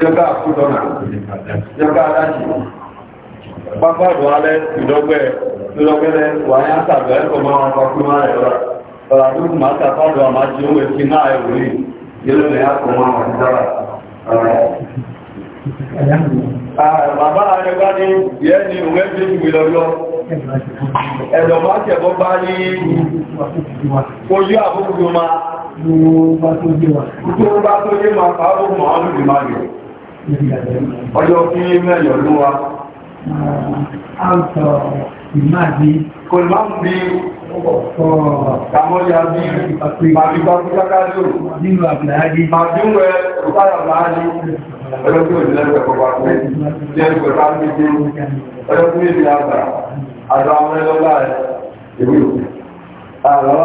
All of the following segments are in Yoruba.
kẹta àkúdọ́nà yọká adájì pápá ìbọn alẹ́ ìdọ́gbẹ́ lọ́gbẹ́lẹ́ wà ní àtàgbẹ́ ẹ̀kọ́ máa wọn pàkú máa rẹ̀ rà ọ̀rọ̀ àdúgbò máa tàbádọ́ àmá jí owó ẹ̀kí náà ẹ̀wò rí yẹ́lẹ́ ní àkọ́ máa wọn dára bàbá rẹ̀ bá ní yẹ́ ni òun ẹ́ jẹ́ ìwé lọ́yọ́ ẹ̀dọ̀ máa kẹ̀bọ́ ojú àbúrú máa bá tó dé wà. Tó bá tó dé máa pàápọ̀ mọ̀ ọ́nù ti máa yọ̀. Ọjọ́ kí mẹ́yọ̀ ló wa. Àǹtọ̀ ìmáàdí. Kò ní máa ń bí ọ̀pọ̀ kàmọ́yà bí màbíbábíkákájò. Nínú àbìláyájí. Màbíwẹ̀ òtáyà láàájí. Ọjọ́ tí ò ní lẹ́gbẹ̀ẹ́ kọ̀ọ̀pá pẹ́. Lẹ́gbẹ̀ẹ́ bá ń gbé dé. Ọjọ́ tí ó ní ìlú àgbà. Àjọ àwọn ẹlọ́lá ẹ̀ ìwé òkú. Àlọ́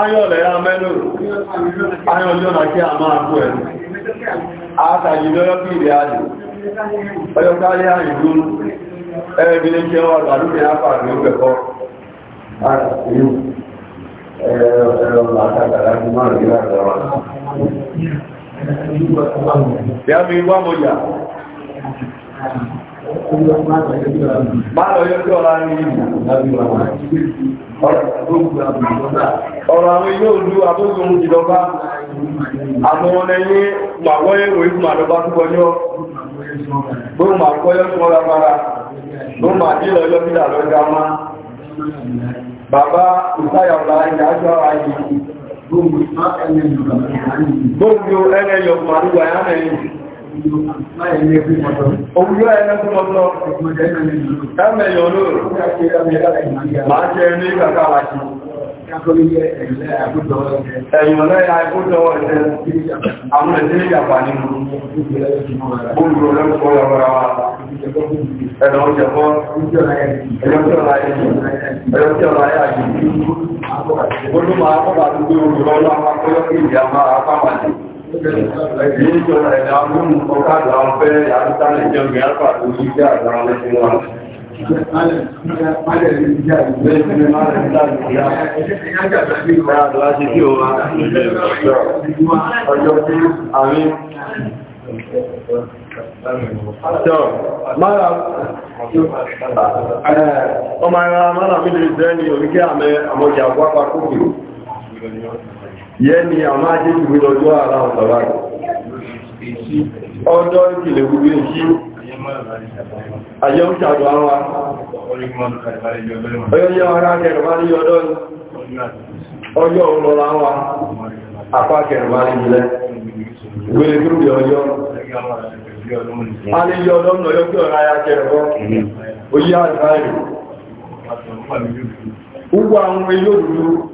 ayọ́lẹ̀ ya mẹ́lò ayọ́jọ́ na kí a máa kú ẹ̀rù àtàjìdọ́rọ́ bí ìrẹ́ àjò ọyọ́kárí àìdú ẹ̀rẹ́bí ní kí wọ́n àgbàlúkẹ́ àpàrí ó pẹ̀kọ́ Máàlọ̀ yóò tí ọ̀rá ní ìlú, lábí ọ̀rá ọ̀rọ̀ àwọn ilé òjú àbógun ìjọba àwọn ọ̀nẹ́yẹ màwọ́ èrò ìgbìmọ̀ àdọ́bá tó kọjọ́ bó ma kọjọ́ tó mọ́ra fara bó ma dílọ ọjọ́ bí àlọ́gá má bàbá ìsáyà ọ̀la e na-eyi ẹnẹ́yọ̀ ya Òwúrọ̀ ẹlẹ́kùn ọjọ́ ẹmẹ̀yàn lóòrò, máa jẹ ní kàkà wájú. Ẹ̀yìn ọlọ́yà ìkójọ ọ̀rẹ́ àwọn ẹ̀sìn ìjàpá nínú gbogbo ọlọ́pọ̀ ọ̀rọ̀ wa. Ẹ̀nà ọjọ́kọ́, ẹ̀yọ́kọ́ ọ̀rẹ́ Ní ìjọ ẹ̀dà ọdún ọkàdà ọ̀fẹ́ àrítàlẹ̀ jẹun bí àpà tó ní jẹ́ àjọ ọlẹ́sìn wọn. Ọjọ́ tí àrí Tọ́, mara ọmọ ara mara mílì ìzẹ́ ni oríkẹ́ àmẹ́ àmọ́jà wápá kókò yẹ́ ni àmá jẹ́ ìwé lọ́jọ́ ara ọ̀sọ̀rọ̀ ọjọ́ ìpìlẹ̀ gbogbo èṣí ayọ́ ìṣàdọ̀ àwọn ọjọ́ ara kẹrìnmá ní ọdọ́ ọjọ́ ọlọ́ra wa apá kẹrìnmá ní ilẹ̀ gbẹ̀rẹ̀ gbẹ̀rẹ̀ ọjọ́ alẹ́yọ ọdọ́ ọjọ́ kí ọ̀rá ya kẹrìnmọ́ oyí àìsáyẹ̀ Gbogbo àwọn ilé òdúdú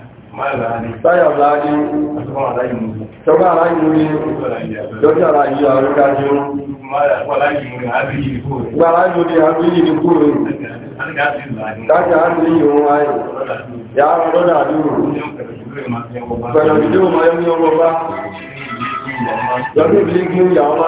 báyọ̀ láàájú tọ́gbà aláyìí ní lọ́jọ́ aláyìí àríkájú gbà aláyìí ní àríyí ní kúrò dájá àríyí ohun ayé ya lọ́dà àdúrù pẹ̀lú ìdí òmọ̀ ẹmí ọgbọ́gbá lọ́dún ìbílé kí ó yà ọmọ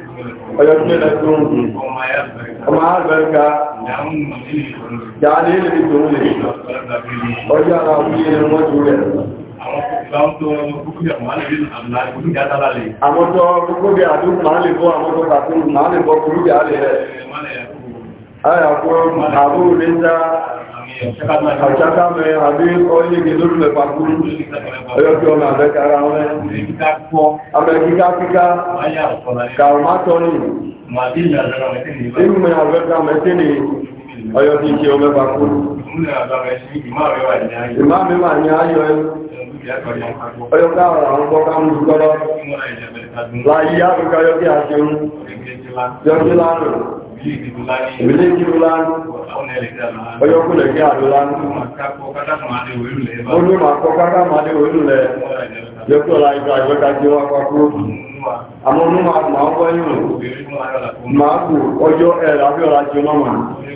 ọmọ albarka jáde lè tó lè ọjọ́ ara wúlé wọ́n tó rẹ̀ àwọn tó gbogbo bí àdúgbò máa lè bọ́ àwọn tó kàtún máa lè bọ́ kúrú jà lè rẹ̀ Àṣàkà mẹ́ àbí ọyé gẹ̀ lórí lẹ́pàá kúrú, ọyọ́ kí ọmọ àbẹ́kára wọn. Amẹ́kíká kíká, kàrùmátọ́nì, inú mẹ́ àbẹ́ká mẹ́tẹ́ni, ọyọ́ kí kí ọmọ ẹ̀pàá kúrú. Ìmá mi wà ní ayọ́ ẹ. Ọyọ́ káàrà àwọn bọ́ká ń dúkọ́lọ́. Láyé àbúkọ́ yọ́ kí a ṣe ń. Yọ́ kí láàrùn ìbílẹ̀ kí ó lánú ọyọ́kúlẹ̀ kí àdó lánú olúmọ̀ akọ́kọ́kọ́ máa dé orílẹ̀ yẹ́kọ́ la ìgbà ìgbẹ́ta tí wọ́n pàkó àmọ́ ní máa máa wọ́ yìí máa kù ọjọ́ ẹ̀rà bí ọ̀rà jẹ mọ́mà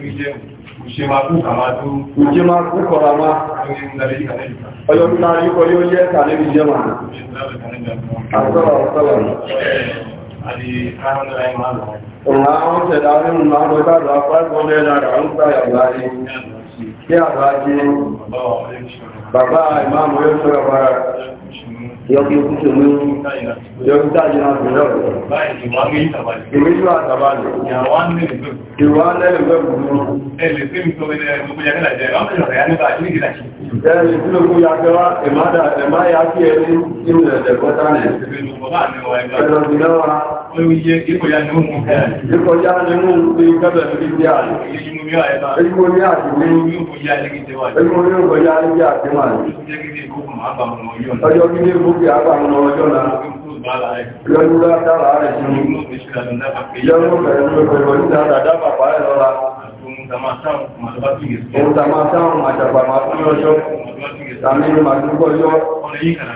ìjẹ́ máa kú kọ̀rọ̀ máa ọjọ́ Òun àwọn tẹ̀dá nínú máa ń gbọ́dá lọ apáìkọ́ lẹ́nà rẹ̀ ń gbà yàgbà ní kí àgbà jẹ́ bàbá ìmáàmù yóò sọ́rọ̀ bára yọ́kí kúṣe mú yọ́kí dájí náà fi lọ́rọ̀. Ìmísù àtàbálẹ̀. Ìwà lẹ́lẹ̀ gbẹ́gbùrú. Ẹlẹ̀ tí ó kó ya kẹwa, ẹ̀má eh, ya kí ẹni ìrìnlẹ̀ ẹ̀kọ́ta nẹ̀. Ẹ̀lọ́gbìnlẹ́wà. Ìkọjá ni ó mú pé gẹ́gẹ́ bí i ààrẹ. Ìjìmú ní àìbá. Ìjìmú ní àìbá. Ìjìmú ní òkòjá ní ìjẹwà. Ìjìmú ní òkòjá ní ìjẹwà. Ọjọ́ gílé gbogbo àbàmù ọjọ́ náà. Ìjọ́jú dára rẹ̀ jù. Ìjọ́jú bẹ̀rẹ̀ ní ọjọ́ ìdára dábà pàá ẹ̀lọ́ra. Òun tàmátàrùn-ún àjàpàmà fún ọjọ́. Tàmínú màdúgbọ́ ọjọ́. Ọ̀rẹ́ yìí kàrà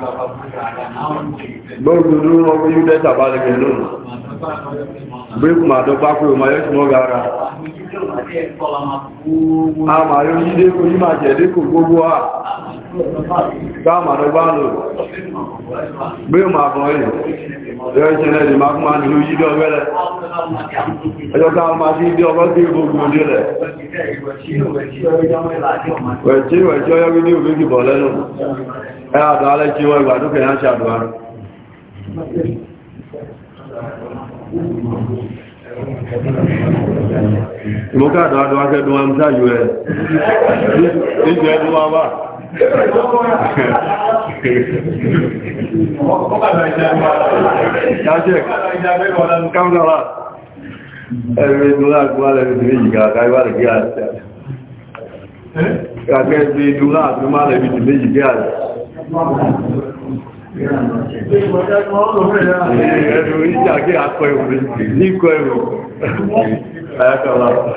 gbogbo ọgbọ́ yóò dẹ́ta bá lè gbẹ̀lú bíkù máa tó pápò ma yóò túnmọ́ gara a máa yóò yídé kò ní máa jẹ̀dé kò gbogbo káàmà ló bá lò bí o máa bọ̀n ẹ̀yìn ẹ̀yọ́ ìṣẹ̀lẹ̀ ìdí máa kúmà nínú yídí ọgbẹ́lẹ̀ ẹjọ́ káàmà sí ìdí ọgbọ́ sí gbogbo nílẹ̀ wẹ̀tí wẹ̀tí ọyọ́ bí ní òbí kìbọ̀ lẹ́nu ẹ àdọ́ alẹ́ tí wọ́n ń sáyò ẹ̀. Ìjẹ́ ẹ̀dùn wa wà. Ẹgbẹ́ ìdúnlá àgbúwálẹ̀ ìdúrí ìgbà àkáríwálẹ̀ gíga àti àti. Ẹgbẹ́ ìdúnlá àgbúwálẹ̀ ìdúrí ìgbà àti. Ẹgbẹ́ ìjà kí àkọ ìwòrán ní kọ ìwòrán. Ayákọ̀ọ́lá.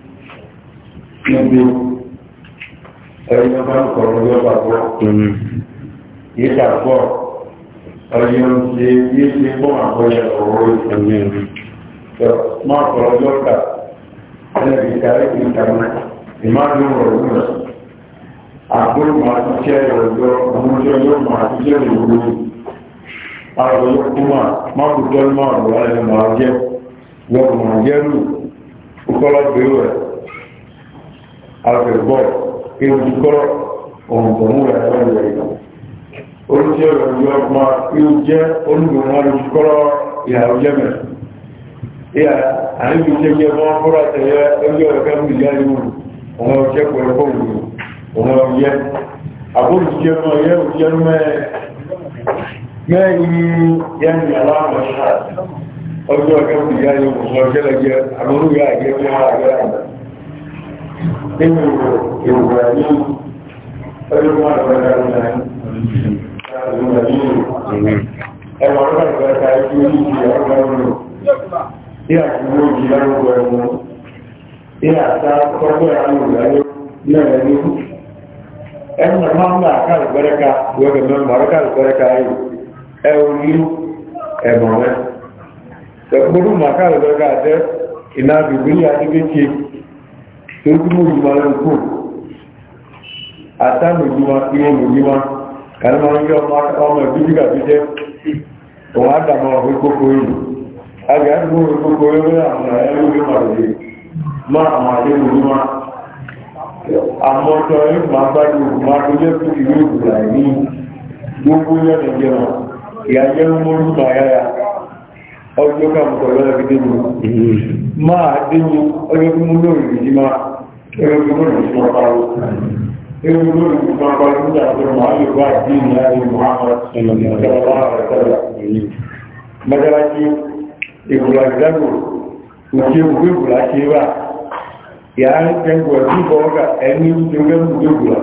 kíbi ẹni bá mm-hmm. ń kọ̀rọ̀ mm-hmm. yọ bàbọ̀ yíká bọ̀ ọyọ́n ti yí ti bọ́ àkọyẹ ọ̀rọ̀ ìsinmi má kọ̀rọ̀ yọ kà ẹni ìkàrí ìkàmẹ́ ìmáàdùn ọ̀rọ̀ náà àbúrò máa ti jẹ́ ọ̀dọ́ ọmọdé yóò máa ti jẹ́ ìwúrú àwọn olókùnmá má kò tọ́lú máa rọ̀ ẹni máa jẹ́ wọ́n máa jẹ́rù ó kọ́lá bẹ̀rù ẹ̀ àfẹ̀gbọ́ ewùkọ́ ọ̀nkọ̀múra ẹ̀rọ ìlú ó jẹ́ ìrọ̀lẹ́ ọmọ yóò jẹ́ olùgbòmọ́ olùkọ́rọ̀ ìyàwó jẹ́mẹ̀ ìyà àríkù jẹ́ jẹ́ mọ́ fúra tẹ̀yẹ ẹgbẹ́ ọ̀gá mílíọ̀nù ọmọ ọjẹ́ pẹ̀lú ọmọ ọmọ ọjẹ́ àbójújẹ́ mọ́ yẹ́ òjẹ́ mẹ́rin yẹ́nì aláàmọ̀ ọjọ́ ọgá mílíọ̀nù ọmọ ọjẹ́ lẹ́gẹ́ àmúrúgbà àgẹ́ nínú ìrùwà ní ọdún Ẹwọ̀n ọ̀rọ̀ ìgbẹ̀ta ẹgbẹ̀ orí ìjìyà ọgbà ọ̀rọ̀. Ní àtúgbò ìjìyà ọgbà ẹ̀wọ̀n. Ní àtà ọgbà àrùgbà náà ní. Ẹwọ̀n máa ń bá àkàrù gbẹ́rẹ́ka, wọ́gbẹ̀ mẹ́mọ̀ àkàrù gbẹ́rẹ́ka ayò. Ẹwọ̀n ní ẹ̀mọ̀ rẹ̀. Ẹgbẹ̀rún àkàrù gbẹ́rẹ́ka àtẹ́ ìnàbìbìlì àdígbé ewu juma lɛ nko ata nu juma iwo nu juma kalima yɔ ɔmɛ bibi ka bi dɛ o wa dama o fi koko yi ayi a ti mo fi koko yi o yɛ amuna yɛ o yɛ ma lori ma ama yɛ nu juma amɔtɔ yɛ ma ba yi o ma do yɛ fi yi o bila yi gbogbo yɛ lɛ yɛ ma yɛ yɛ mo juma yɛ ya ọjọ́ kàbùkọ̀ lọ́nà fi débò máa débò ọjọ́ fún mú lórí ìdí máa ẹgbẹ́ fún mú lórí fún ọparó ẹgbẹ́ fún lórí fún ọparó ní àtọ́rọ̀ máa lè bá àdí ní àárín Muhammad mọ́jálájí ìbùlà ìdágò òkè òkú ìbùlà ṣe wà ìyá ń tẹ́gbọ̀ ẹ̀dúgbọ̀ ọgà ẹni tó gẹ́gùn tó gbùlà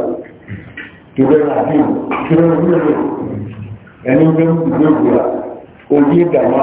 tó gẹ́gùn àti ìlú tó gẹ́gùn tó gbùlà ẹni tó gẹ́gùn tó gbùlà òye dàmá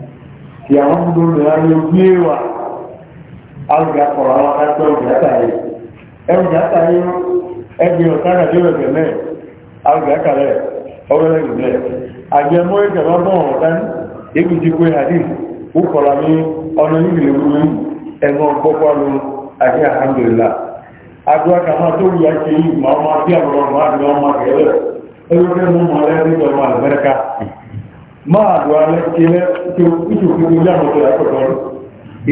ya gbogbo mìíràn ló gbé wa alùpùpù kọrọ àwọn akẹ́kọ̀ọ́ ìjà àtàyè ẹ̀rù ìjà àtàyè ẹ̀bí ọ̀kadà dé ọ̀gẹ̀ mẹ́ alùpùpù akàlẹ̀ ọ̀rẹ́lẹ̀ ìgbẹ́ àjẹmọ́ ìjọba bọ̀ ọ̀dán ebi ti pé hadith ukọ̀la ní ọ̀nà ẹ̀mọ́ gbọ́kọ́lu àti kàmá tó ṣe yìí màá bí àwọn ọmọ ọmọ máa dùn alẹ́ ilẹ̀ tó ìṣòfin ní ilé àmọ́tò àkọ́kọ́ rẹ̀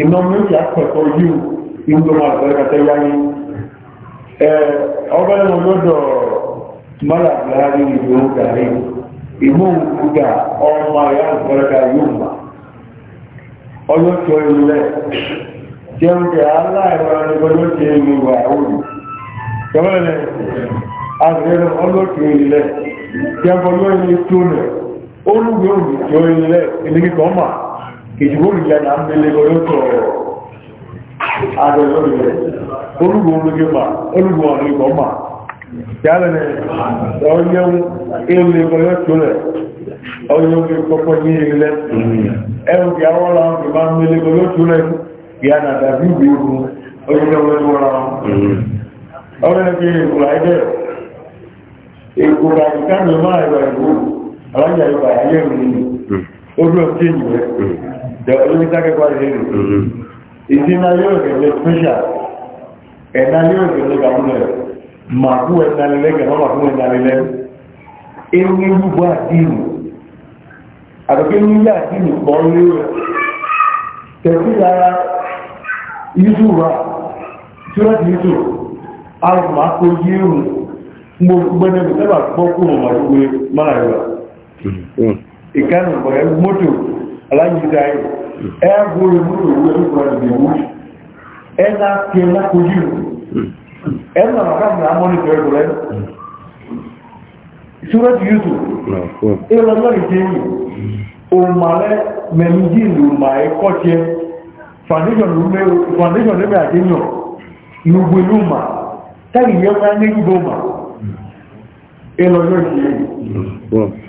iná méjì àkọ́kọ́ yìí ìlú máa bẹ̀rẹ̀ kàtẹ́ yáyé ọgbẹ́ wọn lọ́dọ̀ mọ́là buhari ìlú gàrí ìmú ìgbà ọmọ ìyá ìfọ́lẹ́ka yóò mà ọjọ́ tó ilẹ̀ jẹun jẹ aláìwọ̀n ní ọjọ́ tó ilẹ̀ wà òòlù kẹwàá lẹ́yìn àgbẹ̀rẹ̀ ọlọ́tò ilẹ̀ jẹun ọlọ́yìn tó nìyẹn olùgbé òní tí ó ilẹ̀ ìlẹ́gbẹ̀kọ́ mà ìjìbó ìlẹ̀ náà ń belé lọ yóò tọ̀rọ̀ àgbẹ̀lọ́gbẹ̀ olùgbé olùgbé mà olùgbé ọ̀nìkọ́ mà yálẹ̀nẹ̀ ọ̀yẹ́wó ìlẹ̀kọ́ yóò tó rẹ̀ ọ̀yẹ́wó ìkọ́kọ́ ní ilẹ̀ ẹ̀rùn kí àwọn ọ̀la ọ̀gbẹ̀ máa ń belé lọ yóò tó rẹ̀ ìyá nàdà bí ìgbé ogun ọ̀yẹ́wó ìwọ̀ra ọ̀rẹ́ àwọn ìyàwó bá ayé òun nínú orí ọtí ènìyàn jẹ olóńtàkẹ́kọ̀ọ́ rẹ̀ nù hmm. ìdínà yóò gẹ̀lẹ́ pẹ́ṣà ẹ̀nà yóò gẹ̀lẹ́ gàmúlẹ̀ màkú ẹ̀nà lẹ́lẹ́ gẹ̀mọ́ màkú lẹ́lẹ́ ewu gbogbo àdínù àtọ́kẹ́ àdínù pọ̀ tẹ̀sí lára yíṣù wa yéèrù gbogbo ìkànnì ọ̀rẹ́ mọ́tò aláyíká ẹ̀ ẹgbó ìmúrò ìwé ìgbà ìgbèwú ẹ̀nà kí ẹ̀nà kojú ẹ̀nà àkàmì àmọ́nìtò ẹ̀kọ́rẹ́ ìṣúra ti yútù ìrọ̀ lọ́rì jẹ́ yìí òmàlẹ́ mẹ́mìjì ìlú mà ẹ̀kọ́ tiẹ̀ foundation lẹ́mẹ̀ àjẹyàn lùgbò ìlú mà táyì yẹ́ fún ẹgbẹ́ ìgbò mà ìrọ̀ lọ́rì jẹ́ yìí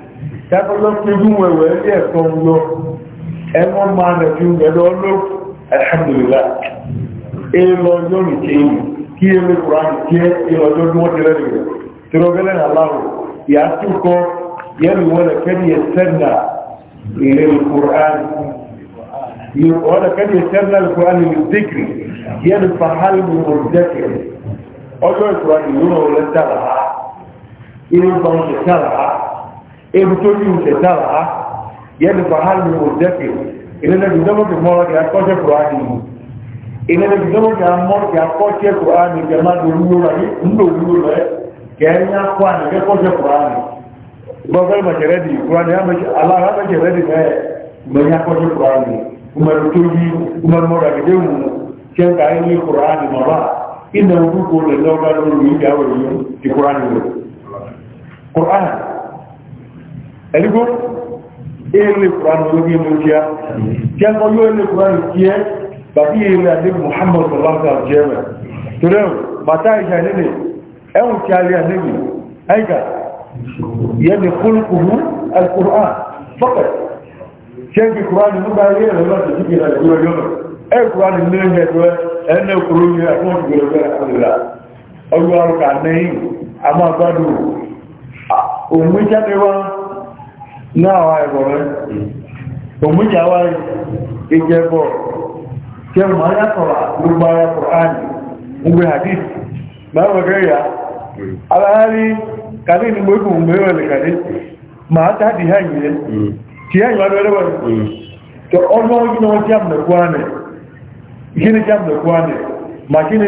tábọ́lọ́ tójú wẹ̀wẹ̀ ní ẹ̀kan lọ ẹmọ́ máa nà ju ẹ̀dọ́ ló alhamdulillah èèlọ yóò ní kéyìn kí èèlọ kùránì kí èèlọ yóò dún wọ́n ti rẹ̀ nìyẹn tí ó gẹ́lẹ́ nà láwọ̀ yà á tún kọ́ yẹ́nu wọ́n lè kẹ́ni yẹ sẹ́nà ilé kùránì wọ́n lè kẹ́ni yẹ sẹ́nà kùránì ní dìkì yẹ́nu fàhálì ní ọ̀dẹ́kẹ̀ ọjọ́ ìkùránì yóò lọ lẹ́tàrà ilé ìbámu ebi tó ní ìṣẹ̀ náà á yẹ́nu fàhálì ní òjẹ́kì ìrìnlẹ̀ ìjọmọ́kì mọ́rọ̀ kí a kọ́ṣẹ́ kùránì mú ìrìnlẹ̀ ìjọmọ́kì mọ́rọ̀ kí a kọ́ṣẹ́ kùránì kí a máa di olúwo rẹ̀ ńlò olúwo rẹ̀ kí a yá kó àná kí a kọ́ṣẹ́ kùránì gbọ́gbẹ́ mọ̀jẹ̀rẹ́ di kùránì aláàbẹ̀jẹ̀rẹ́ di mẹ́ mẹ́yà kọ́ṣẹ́ kùránì umaru tó yí umaru mọ́rọ̀ kí dé wù kí a kà á yí kùránì mọ́ra ìnáwó kúkú lè lọ́gbà lórí ìjà òyìn ti kùránì lò kùránì ẹ̀rígbó èrè kùránù lórí inú kíá kí ẹkọ yóò èrè kùránù kí ẹ bàbí èrè àdébù muhammad sallallahu alaihi wa torí ẹ̀rù bàtà ìjà nílẹ̀ ẹ̀hùn kí a rí àdébù ẹ̀gà yẹ́ni kúrùkùrù alkùrán fọ́kẹ̀ ṣẹ́gi kùránù nígbà rí ẹ̀rọ náà ẹ̀bọ̀rẹ́ òmúnyàwá ìjẹ́bọ̀ jẹ́ mọ̀ ayátọ̀rọ̀ gbogbo ara kùránì gbogbo hadith báwọ̀gẹ́ ya aláhárí kàní ní mgbe mẹ́rẹ̀lẹ̀ kàní ma ta di hanyẹ tí yẹn yọ lọ́wọ́ tó ọmọ ọdún náà jẹ́ mẹ́kwánì gíní jẹ́ mẹ́kwánì ma gíní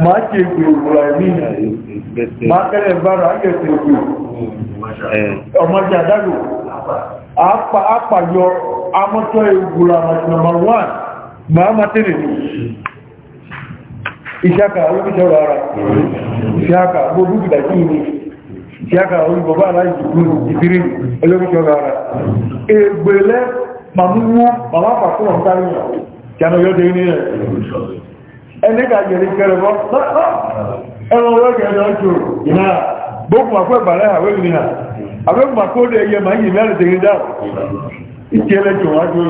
máa ṣe ègbè òwúrà ní máa kẹ́lẹ̀ bára ágẹ̀ẹ́sẹ̀ ègbè ọmọdé àdálò àpàyọ amọ́tọ́ ègbùra number one máa máa tẹ́lẹ̀ ní ìṣàkà olóbìṣọ́rọ̀ ara ìṣàkà gbogbo ìdàjí ní ìṣàkà olùgbọ̀bá aláìsìkú ìbírí olóbìṣọ́rọ̀ ara ègbèlẹ́ màmúwú màmáfà fún ọ̀tá ẹnẹ́gà jẹ̀rí kẹrẹ̀bọ́ ẹran ọlọ́gẹ̀ẹ́lẹ́ ọjọ́ ìná gbókùn àpọ̀ ìbàlẹ̀ àwẹ́ ìrìnà àwẹ́gbà kó lè yẹ máa yìí mẹ́rin tẹ̀rí dá ìkẹlẹ̀ jọ wájú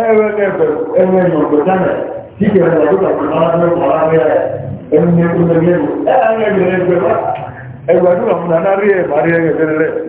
ẹ̀rẹ́ ẹgbẹ̀rẹ̀ ẹgbẹ̀rẹ̀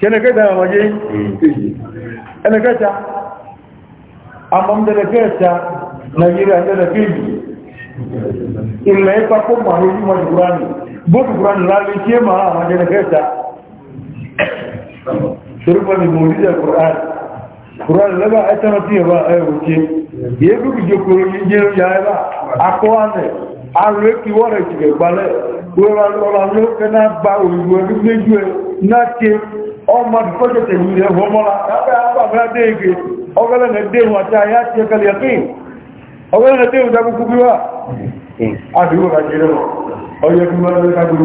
kẹ́nẹ̀kẹ́ta ọmọdé èyí hmm. ẹnẹ̀kẹ́ta àmọ́mdẹ̀lẹ̀kẹ́ta nàìjíríà ẹnẹ̀kẹ́jì ilẹ̀ ipa kó ma lójú wọn ní kúránì bóòtù kúránì lálé tí é máa àwọn ẹnẹ̀kẹ́ta torípa ni mòrídẹ̀ kúránì kúránì lẹ́bà ẹ̀tẹ́rọ tí ẹ̀bà ẹ̀wòké yẹ́ kúrò jẹ́ kúrò ní jẹ́ ya ẹ̀bà akọ́wánẹ̀ alò ékì wọ́rẹ̀ ìtìkẹ̀ gbalẹ̀ wọ́n lọ́la ló kẹ́ náà gba òyìnbó ẹgbẹ́ ju ẹ̀ náà ké ọmọ ìkọ́jọ́ tẹ̀wù rẹ̀ wọ́mọ́ra lábẹ́ àpapàá déèkè ọgọ́lẹ̀nà déhùn àti àyá ti ẹkẹlẹ̀ ẹ̀kìn ọgọ́lẹ̀nà déhùn dákúkú bí wà àdúgbò ràjẹ́rẹ̀ ọjọ́ kí mọ́lẹ̀ kágbùrú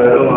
rẹ̀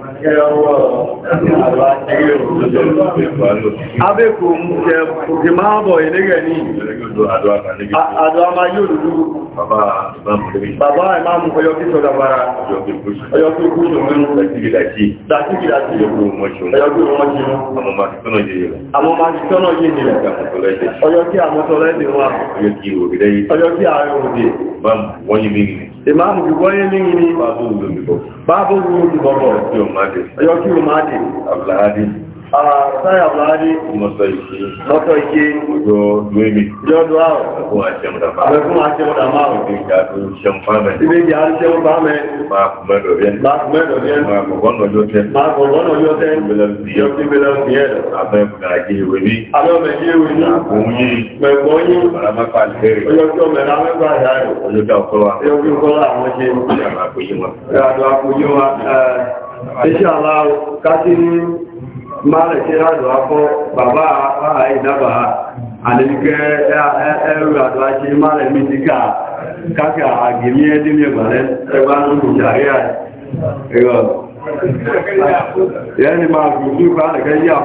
Abékò mú jẹ òkè máa bọ̀ ìlérẹ̀ ní àdọ́ àmà yóò lúrú. Bàbá ìmáàmù ọyọ́ kí sọ́dá bára. Ọyọ́ kí kú ṣòmínú. Dàtíkìdàtí. Dàtíkìdàtí. Ọyọ́ kí wọ́n ṣe mú. Àmọ́ Àmọ́ máa ti tọ́nà yìí ìmáàmù bí wọ́n yé ní ní bàbá olùdókòwò ọjọ́ kí o máa dé àbúláhádìí Sáyà Buhari. Mọ́tọ̀ ìṣe. Mọ́tọ̀ ìṣe. Jọ Gbémi. Jọ Duhau. Ẹkún Aṣẹ́mùdàmá. Ẹkún Aṣẹ́mùdàmá. Ibi ìjà tó ń ṣe ń fa mẹ́. Ibi ìjà ń ṣe ń fa mẹ́. Máa kù mẹ́dọ̀ yẹn. Máa kù mẹ́dọ̀ yẹn. Máa kù gbọ́nà yóò tẹ́. Máa kù gbọ́nà yóò tẹ́. Ìbílẹ̀ ń fi yẹn. Ìbílẹ̀ ń fi yẹn. Abẹ́ kùnà àjẹ́ ìwé ní. Abẹ́ mẹ̀jẹ́ ìwé ní. Àkùn yín. Mẹ̀gbọ́n yín. Màrámẹ́fà lẹ́rìí. Ọjọ́ tí ọmọ ẹ̀rọ amẹ́fà yà rẹ̀. Ọjọ́ tí ọkọ wa. Ẹyọ kí n kọ́ láwọn ṣe. Ìyàrá àpòyí wọn. Ìyàrá àpòyí wọn. Iṣẹ́ àlá kásí ní máa ṣe rádò akọ́ bàbá àpáà ìdábà àdìríkẹ́ ẹrù àdó ajé máa rẹ̀ mí díkà káàkà àgèmí ẹdí ní ẹgbàlẹ́ ẹgbà ń kò jàrí àìyọ ẹni máa gùnkú ìpàdẹ̀kẹ́ jẹ́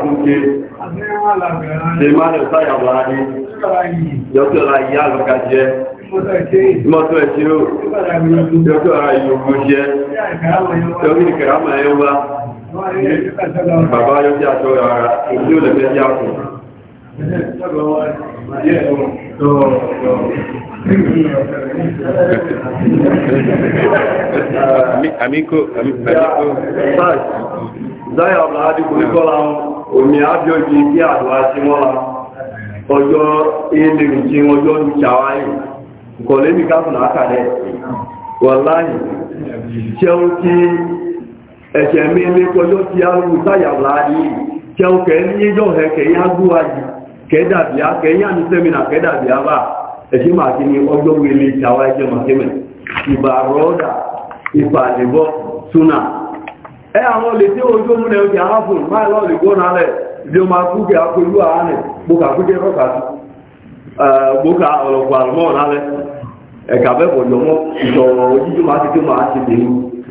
mọ́tọ̀ ẹ̀ṣẹ́ ẹ̀wà bàbá yóò fi ara òbí ò lè fẹ́ yá ọ̀tún. Amiko, amiko. Zaya ọ̀la adigun kọ́la omi abioji bí àdúrà sí mọ́la ọjọ́ ilé ìjì ọjọ́ kọ̀lé ẹ̀ṣẹ̀ mi lé kọjọ́ ti arú sáyàwó ayé jẹ́ òkè níyẹ́jọ́ ẹ̀ kẹ̀yà gúwáyì kẹ́dàbíà kẹ́yà ní sẹ́mìnà kẹ́dàbíà bá ẹ̀ṣẹ́ máa kí ni ọjọ́ wele ìtawà ẹjẹ́ màkímẹ̀ ìbàrọ́dà ìpàdébọ́ súnà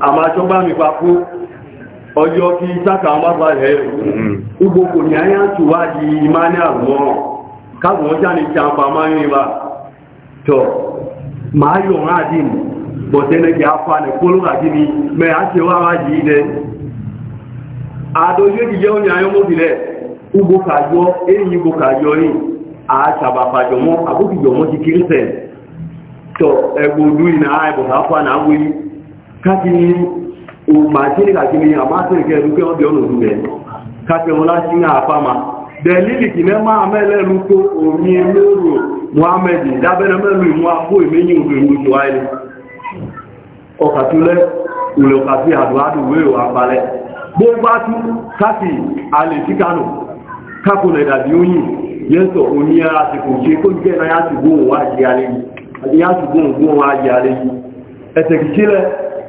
àmà àjọgbá mi papò ọjọ́ kí sáka àmàbà rẹ̀ hmm. ugbò kò ní ayá tó wá di ìmá ní àrùn káàkùn ọjá ní jàǹfà máa ń rìn bá tọ̀ máa yọ̀ rán àdìmù bọ̀tẹ́nẹ́gẹ̀ afọ́ ànẹ̀ mẹ́ àṣẹwà wájì ilẹ̀ àdójú ìjẹ́ òní náà káti ka tí ní kàkiri àmá tí ìkẹ́ ẹ̀rú pé wọ́n bí ọ̀nà òdú rẹ̀ ní àfáàmà dẹ̀lílì kì mẹ́mà mẹ́lẹ́rú tó omi lóòrò mohamed dábẹ́rẹ́ mẹ́lú ìmú àpò ìmẹ́yìn òdòdó tó wáyé ọkàtúlẹ̀ òlòkàtí àdúrádùwé ò apalẹ̀ gbogbo atú káti alè sí kánò ti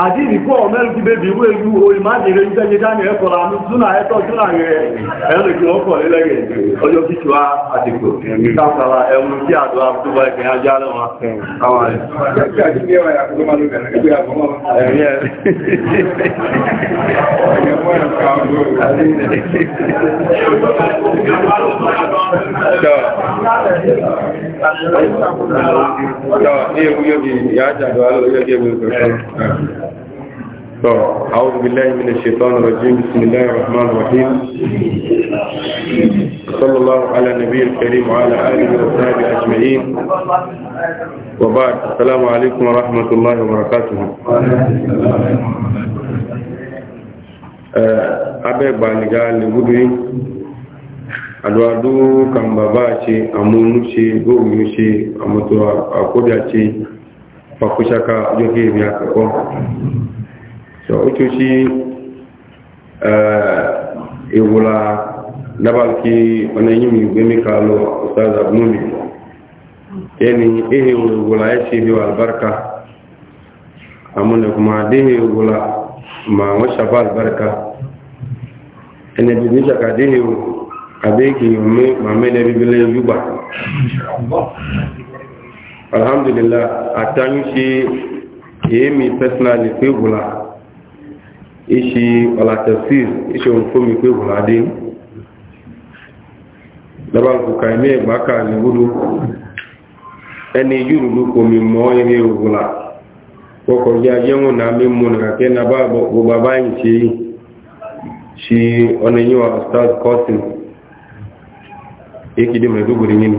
àdìrí fún ọmọ ẹ̀rù ti bèbè ìwé ìlú olùmájèrè ìjẹ́jẹ́ dání ẹ̀kọ́ra ní súnà ẹ̀tọ́ súnà rẹ̀ ẹ̀rìnkì ọkọ̀ lẹ́lẹ́gẹ̀ ọjọ́ kíkì wá àdìgbò káàkàrà ẹ̀rùn kí àdó àbúgbà ẹ̀kẹ́ ajá lọ́wọ́ àwọn ẹ̀rẹ̀ Ní ewu yóò bí ìyá àjàdọ̀ alóòyẹ́ gẹ́gbẹ̀rẹ̀ أعوذ بالله من الشيطان الرجيم بسم الله الرحمن الرحيم صلى الله على النبي الكريم وعلى آله وصحبه أجمعين وبعد السلام عليكم ورحمة الله وبركاته abe gbaniga legudu aduadu kan baba ce amunu ce gomiyo ce amutu akoda ce so o tso si uh, ewola dabaliki ɔna enyim gbemi ka lo ɔsaza mumi yɛni ehe ewola esi bi wa albarka amune kuma dehe ewola ma ŋo saba albarka ɛnɛ bi nisa ka dehe o abe ki me mame ne bi bile yuba alhamdulilah atanyu si yemi personally fi ewola ishi olatafsir ishi onfomi pe hulade laban kuka ime gbaka ni gudu ẹni yúrùlú kò mi mọ́ eré ògùnlá kọkọ̀ jẹ́ ajẹ́wọ̀n náà mímú nìkà kí na bá gbogbo bàbá yìí ṣe yìí ṣe ọ̀nà yíwa stars cousin ekide mẹ́dúgbòrò yìí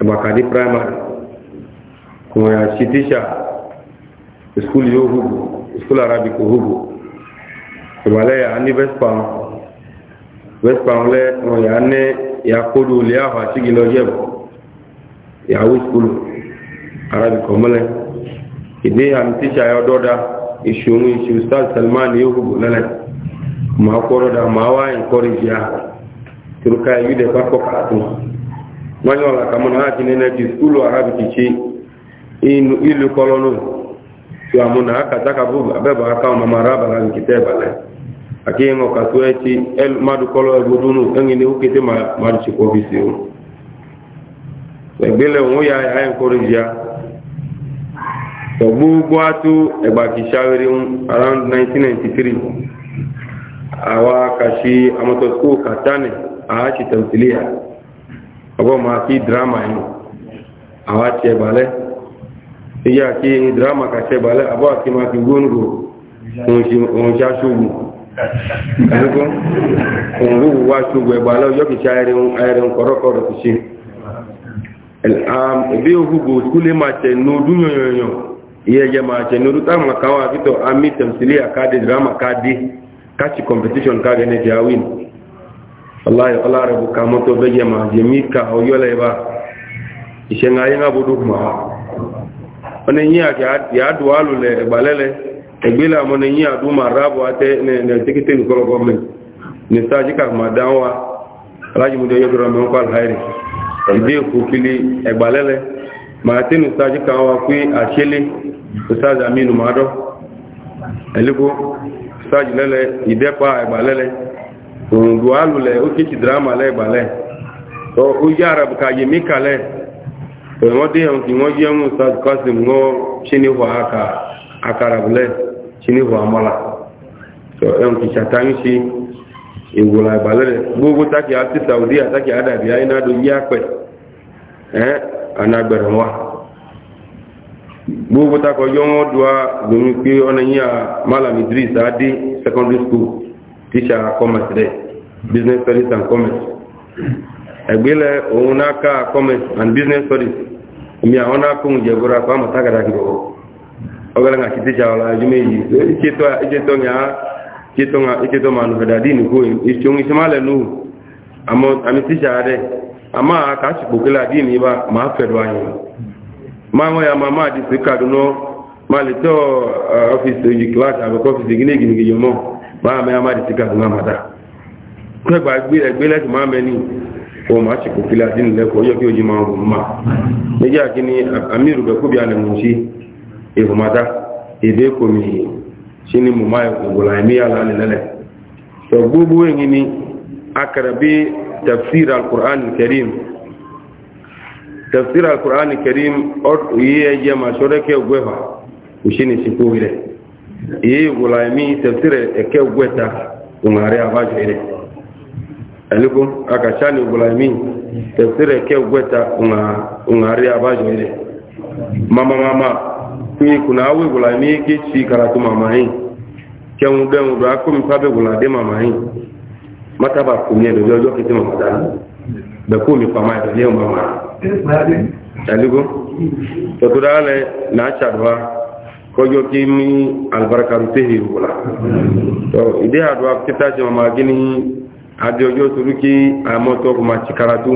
àgbàkàdé primary kò yà ṣe tíṣà school yóò hùgbù school ìmàlẹ́ yà á ní vespan vespan lẹ́ wọn yà á ní ìyàkódù lè àwọn àṣìgì lọ yẹ̀ bọ̀ ìyàwó skulu arabi kọ̀mọ́lẹ̀ ìdí àmì tíṣà yọ dọ́dá ìṣòro ìṣòro star salman yóò gbogbo lẹ́lẹ̀ màá kọ́ dọ́dá màá wá ìkọ́rìjì à turuka yìí dẹ̀ bá kọ́ kàtó wọn yọ̀ làkàmọ́ náà ti nínú ẹ̀kí skulu arabi kìí ilu kọlọ́nù tí a mú náà kàtàkà bó abẹ́bà ká ọmọ mara bàrá ní kìtẹ́ ìbàlẹ̀ akengo katueti el madu kolo e budunu engini ukite ma madu chiko bisiu egbele onwe ya ya encourage ya togbu gwatu egba kishawiri around 1993 awa kashi amoto school katane aachi tamthilia ogo ma ki drama yi awa che bale iya ki drama ka che bale abo ki ma ki gungu onja shugu ẹnukú òǹrú wá ṣogbo ẹgbà aláwọ̀ yọ́ kìí ṣe ayẹrin kọ̀rọ̀kọ̀rọ̀ kìí ṣe ẹbí òhùgbò kúlé máa tẹ̀ ní ojú yọ̀nyọ̀nyọ̀ ìyẹ̀yẹ̀ máa tẹ̀ ní ojú táwọn akáwà àfitọ̀ amí tẹ̀mísílì àkáde drama káde káàkiri competition káàkiri ní ti awin ọláyọ̀ ọlárẹ̀ bù ká mọ́tò bẹ́yẹ̀ máa jẹ mí ká ọyọ́lẹ̀ bá ìṣẹ̀ngayé ń egbela mo ne yin adu ma ate ne ne tikite ni koro ko men ni saji ka ma dawa alaji mu de yodoro me ko alhairi ide ku kili egbalele ma te ni saji ka wa ku achele saji aminu ma do eliko saji lele ide pa egbalele ndu alu le o kiti drama le egbale to o ya arab ka yemi kale wọ́n dé ẹ̀hùn kí wọ́n yẹ́ ẹ̀hùn sáàdùkọ́sì ń wọ́n ṣe ní wàhákàá akarabulɛ sini vɔ amɔla tɔ ɛn kisa tan si ìwòlò àgbàlẹ rẹ gbogbo taki àti saudi àtaki àdàbí ayinado yí apẹ eh, ẹ anagbẹrẹ wa gbogbo takọ yọwọ dùá lómi pé ọ̀nà yín à malam idris adi secondary school teacher commerce rẹ business studies and commerce ẹgbẹlẹ òun náà ká commerce and business studies omi àwọn náà kóhun jẹ bọra fáwọn takàdá kìlọ ogala nga kitija wala jume yi eh, iketo iketo nya iketo nga iketo manu fedadi ni ko ichungi chimale nu amo amitija ade ama ka chibukela dini ba ma fedwa yin mamo ya mama di sika duno mali to uh, office yi class abi office gine gine gine mo ba me ama di sika duno mata ko gba gbe egbe le ma me ni o ma chibukela dini le ko yo ki oji ma ma meja kini amiru be ko bi ale mu ihumata ebe komi shini mumai kungula imiya lani lele to gubu wengi ni akarabi tafsir alquran kerim, tafsir alquran alkarim or yiye jema shoreke gweba ushini sikuwile iye gula imi tafsir eke gweta kungare abajo ile alikum akashani gula imi tafsir eke gweta kungare abajo ile mama mama pé kùnà awé wùlà ní kéèkì karatu màmá yìí kẹun dẹun rà kómi fábẹ wùlà dé màmá yìí mátàbà kò ní ẹdọjọ ọjọ kété màmá dáná bẹ kómi pàmà ìdọlẹ ọmọ màmá ẹlẹgọ tọtọdà alẹ náà tsàdùá kọjọ kí mi alibarikaru tẹ hìrù wùlà tọ ìdí àdùá kíta jẹ màmá gíní adìọjọ torí kí àmọtọ kò má tsi karatu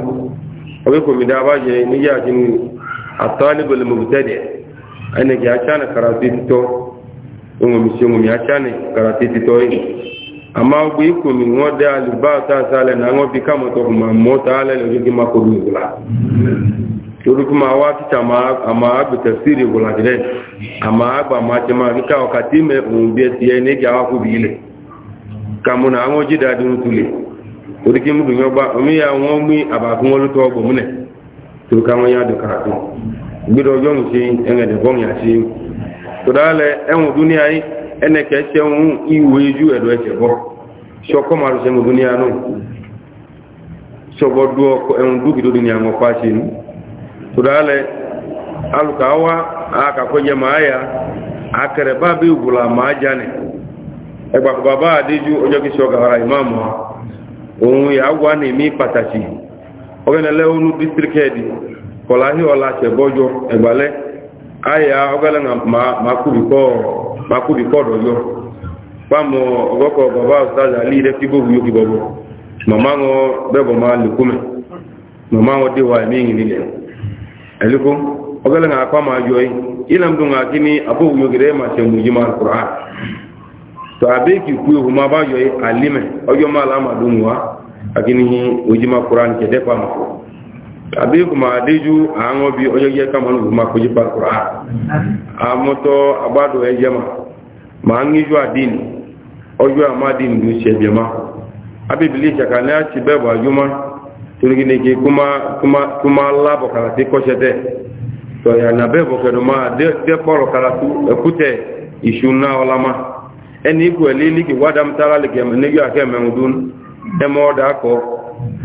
ọbẹ kòmìdá abájẹ níyà jìnnì àtọ́ alẹ́ bẹ̀lẹ̀ mọ̀ ene ki achane karate tito ngumi si ngumi achane karate tito ama mi na won bi kamo to ma mo ale ma ko du kuma wa ti ma ama agbe tafsiri gula dire ama agba ma ti ma ni ka ti me un bi ti e awa na won ji da dun tule toru ki ya won aba kun olu to ogbo mu ka gbido ọjọ́ ń ṣe ẹ̀rẹ̀dẹ̀ ya àti tọ́dálẹ̀ ẹ̀wọ̀n dúníà yìí ẹnẹ̀kẹ́ ṣe ń ìwé ojú ẹ̀dọ̀ ẹ̀ṣẹ̀ bọ́ ṣọkọ́ máa rọ̀ṣẹ́ mọ̀ dúníà náà ṣọgbọ́ dú ọkọ̀ ẹ̀wọ̀n dúkìdó dúníà wọn pa ṣe ní tọ́dálẹ̀ alùkàwá ma máa yà àdéjú ọjọ́ kí ìmáàmù wà ní pàtàkì kọláhí ọlá tẹ̀bọ́jọ ẹ̀gbálẹ́ ayà ọgọ́lẹ̀ makúbi kọ́ọ̀dọ̀ yọ pàmọ́ ọgọ́kọ̀ bàbá ọ̀sáàlì alíire tí gbogbo yóò fi bọ̀bọ̀ màmá wọn bẹ́bọ̀ máa lèkúmẹ̀ màmá wọn dé wa ẹ̀mí ìrìn nílẹ̀ ẹ̀lẹ́kọ́ ọgọ́lẹ̀ apá máa yọ yìí ìlànà tó ń kí ní abóhùn yóò gẹ̀rẹ́ máa ṣe mùjí máa kúrò á tó àbẹ́ kì kú àkíní ojú àbí kò máa déjú àwọn bí ọjọ́ jẹ́ kàmọ́ lùgbò ma máa ń yíjú àdínì ọjọ́ àmádínì ló ma abébìlì ìṣàkà ní àti bẹ́ẹ̀bù àjúmá torígínìkì kó máa lábọ̀ kàràtí kọ́ṣẹ́ tẹ́ tọ̀yànà bẹ́ẹ̀bù kẹ̀dù máa dẹ́pọ̀rọ̀ kàràtú ya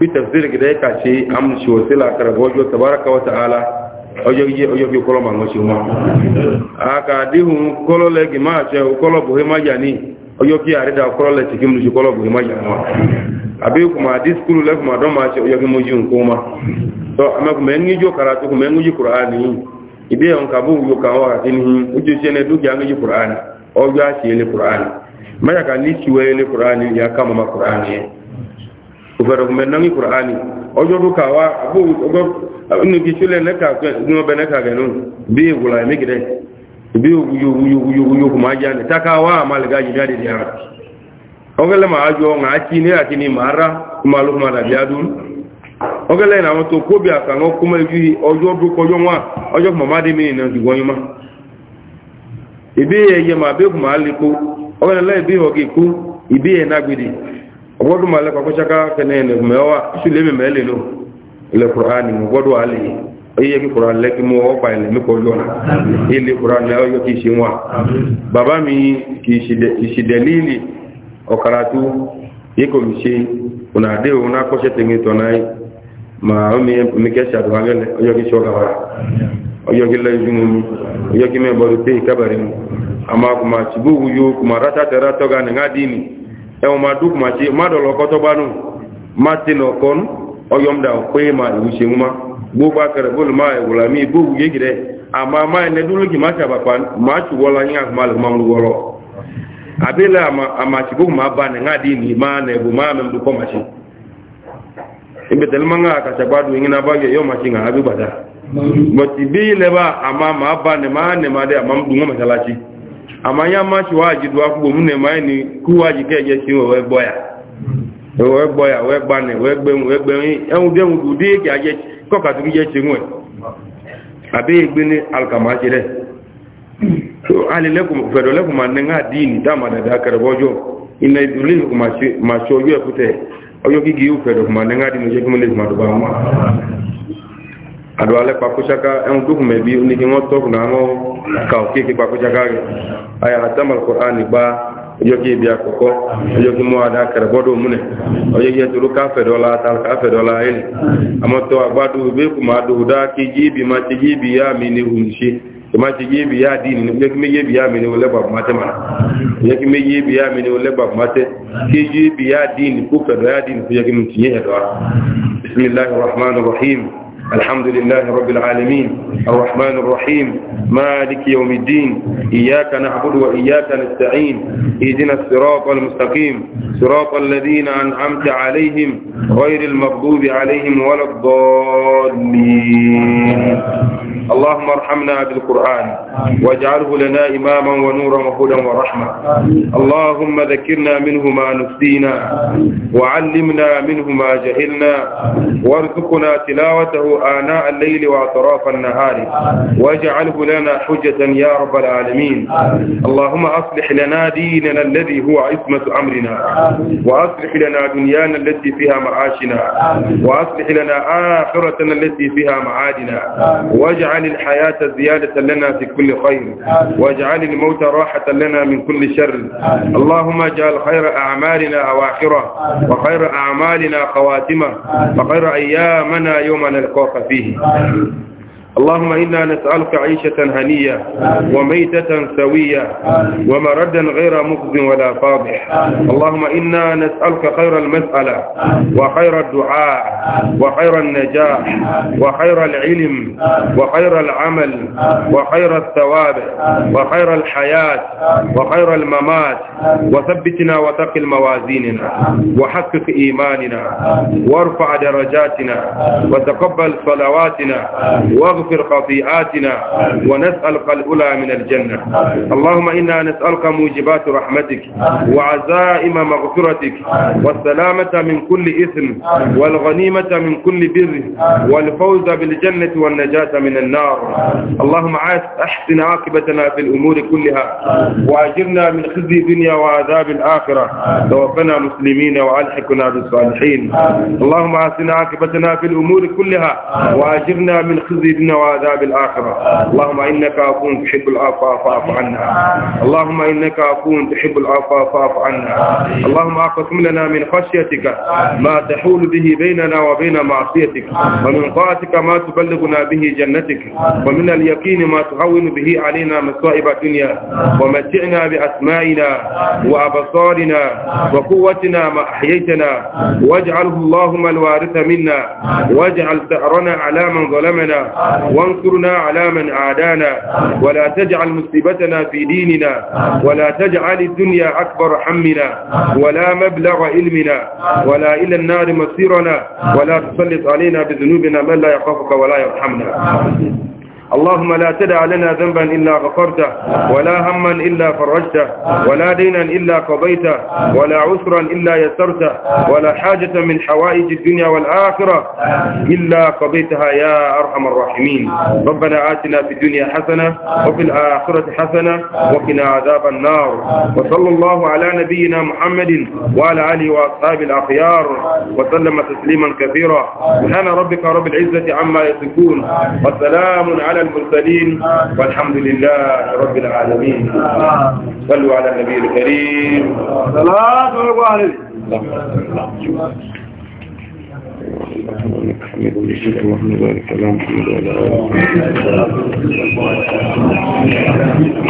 bí tafsir gida ya kace am shi wasila karabo jo tabaraka wa ta'ala ojo ye ojo bi kolo ma ngoshi mo aka dihun kolo le gi ma che o kolo bo he ma jani ojo ki are da kolo le tikim lu kolo bo he ma jani mo abi ku ma diskulu le ma do ma che ojo gi mo ji nko ma so ama ku mengi jo karatu ku mengi ji qur'ani ibe on ka bu yo ka wa tini ujo chene du jangi ji qur'ani ojo a chi le qur'ani ma ya ka ni chi we le qur'ani ya kama ma qur'ani òfẹ̀rẹ̀kùnmẹ̀ náà ní kùránì ọjọ́ tó kàwà níbi sílẹ̀ nẹ́kàgbẹ̀ nẹ́kàgbẹ̀ náà bí ìwòlà ẹ̀mẹ́gẹ̀rẹ̀ bí yòwúyòwúyòwúyòwú máa jẹ́ àná tákàwà àmàlẹ̀gá jíjáde di ara ọgẹ́lẹ̀ máa jọ ọ̀nà àti ní a ní màára kúmàlùkùmàdàbíádùn ọgẹ́lẹ̀ ìràwọn tó kóbi àkàwọn kúmọ̀ ibi ọjọ́ tó kọjọ́ wọn ọjọ́ kùmàmádé mi nìyàn jù wọ́nyí má be ẹ̀yẹ màá bẹ́kùmà á lè kó ọgẹ́lẹ̀ godu male ko chaka kenene mewa shule me mele no le qur'an mu godu ali iye ki qur'an le ki mu o pa ile mi ko yo ile qur'an le yo ki shinwa baba mi ki shide shide lili o karatu ye ko mi shi una de una ko se temi to nai ma o mi mi ke sha do ngale o yo ki shoka wa o yo ki le jumu mi o yo ki me boru te kabari ama kuma chibu yo kuma rata tera ga ni ngadini ẹ̀wọ̀n máa dúkù máa ṣe má dọ̀lọ́ ọkọ́ tó bá nù má ti nà pé ma ìwú ṣe ń gbogbo akẹrẹ bóòlù máa ẹ̀wòlà mí gbogbo yégirẹ àmà máa ẹni dúlógì má ṣàbàpá má ma wọ́lá yín àmà lè máa ń wọ́rọ̀ àbílẹ̀ àmà ṣì gbogbo máa ma nìyà dì ní ń yín àbí bí àmà àmà a machi waji du akwụgbo m na-eme anyị na ku waji ka ejechi wee gbọ ya wee ya wee gbane wee gbe wee gbe enwude enwude ụdị ị ga-aje kọkatụ gị nwe abịa egbene alkamachire alilekwu fedolekwu ma nne ha dini ta ma dada ina ibili ma chi ọjọọ ekwute ọjọọ oje gị mele ma ado ale kpakusaka ɛŋu eh, duku mɛ bi niki ŋɔ tɔku na ŋɔ kaw keke kpakusaka ge aya atama alukur'ani gba ojo ki ibi akɔkɔ ojo ki mu ada kɛrɛbɔ do mu nɛ ojo ki ɛtulu kafɛ dɔ la tal kafɛ dɔ la ayeli amɔtɔ agbado ebe kuma do da kedzi ibi ma kedzi ibi ya mi ne wu nisi tuma ti ye bi ya di ni ye kimi ye bi ya mi ni o lɛgba ma ye kimi ye bi ya mi ni o lɛgba kuma tɛ ya di ni ko fɛ ya di ni ye kimi ti ye yɛ dɔ rahim. الحمد لله رب العالمين الرحمن الرحيم مالك يوم الدين إياك نعبد وإياك نستعين إذن الصراط المستقيم صراط الذين أنعمت عليهم غير المغضوب عليهم ولا الضالين اللهم ارحمنا بالقرآن واجعله لنا إماما ونورا وهدى ورحمة اللهم ذكرنا منه ما نسينا وعلمنا منه ما جهلنا وارزقنا تلاوته آناء الليل وأطراف النهار واجعله لنا حجة يا رب العالمين اللهم أصلح لنا ديننا الذي هو عصمة أمرنا وأصلح لنا دنيانا التي فيها معاشنا وأصلح لنا آخرتنا التي فيها معادنا واجعل الحياة زيادة لنا في كل خير واجعل الموت راحة لنا من كل شر اللهم اجعل خير أعمالنا أواخرة وخير أعمالنا خواتمة وخير أيامنا يوم نلقاه Ka tawafa fihi اللهم إنا نسألك عيشة هنية وميتة سوية ومردا غير مخز ولا فاضح اللهم إنا نسألك خير المسألة وخير الدعاء وخير النجاح وخير العلم وخير العمل وخير الثواب وخير الحياة وخير الممات وثبتنا وتقل موازيننا وحقق إيماننا وارفع درجاتنا وتقبل صلواتنا واغفر خطيئاتنا ونسألك الأولى من الجنة اللهم إنا نسألك موجبات رحمتك وعزائم مغفرتك والسلامة من كل إثم والغنيمة من كل بر والفوز بالجنة والنجاة من النار اللهم أحسن عاقبتنا في الأمور كلها وأجرنا من خزي الدنيا وعذاب الآخرة توفنا مسلمين وألحقنا بالصالحين اللهم أحسن عاقبتنا في الأمور كلها وأجرنا من خزي الدنيا الدنيا وعذاب الآخرة اللهم إنك أكون تحب العفو فاعف عنا اللهم إنك أكون تحب العفو فاعف عنا اللهم أقسم لنا من خشيتك ما تحول به بيننا وبين معصيتك ومن طاعتك ما تبلغنا به جنتك ومن اليقين ما تهون به علينا مصائب الدنيا ومتعنا بأسمائنا وأبصارنا وقوتنا ما أحييتنا واجعله اللهم الوارث منا واجعل ثأرنا على من ظلمنا وانصرنا على من عادانا ولا تجعل مصيبتنا في ديننا ولا تجعل الدنيا أكبر حمنا ولا مبلغ علمنا ولا إلى النار مصيرنا ولا تسلط علينا بذنوبنا من لا يخافك ولا يرحمنا اللهم لا تدع لنا ذنبا إلا غفرته ولا هما إلا فرجته ولا دينا إلا قضيته ولا عسرا إلا يسرته ولا حاجة من حوائج الدنيا والآخرة إلا قضيتها يا أرحم الراحمين ربنا آتنا في الدنيا حسنة وفي الآخرة حسنة وقنا عذاب النار وصلى الله على نبينا محمد وعلى آله وأصحاب الأخيار وسلم تسليما كثيرا سبحان ربك رب العزة عما يصفون وسلام على المرسلين والحمد لله رب العالمين صلوا على النبي الكريم صلاة الله عليه محمد بشيك اللهم بارك على محمد وعلى آله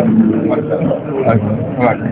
Thank you.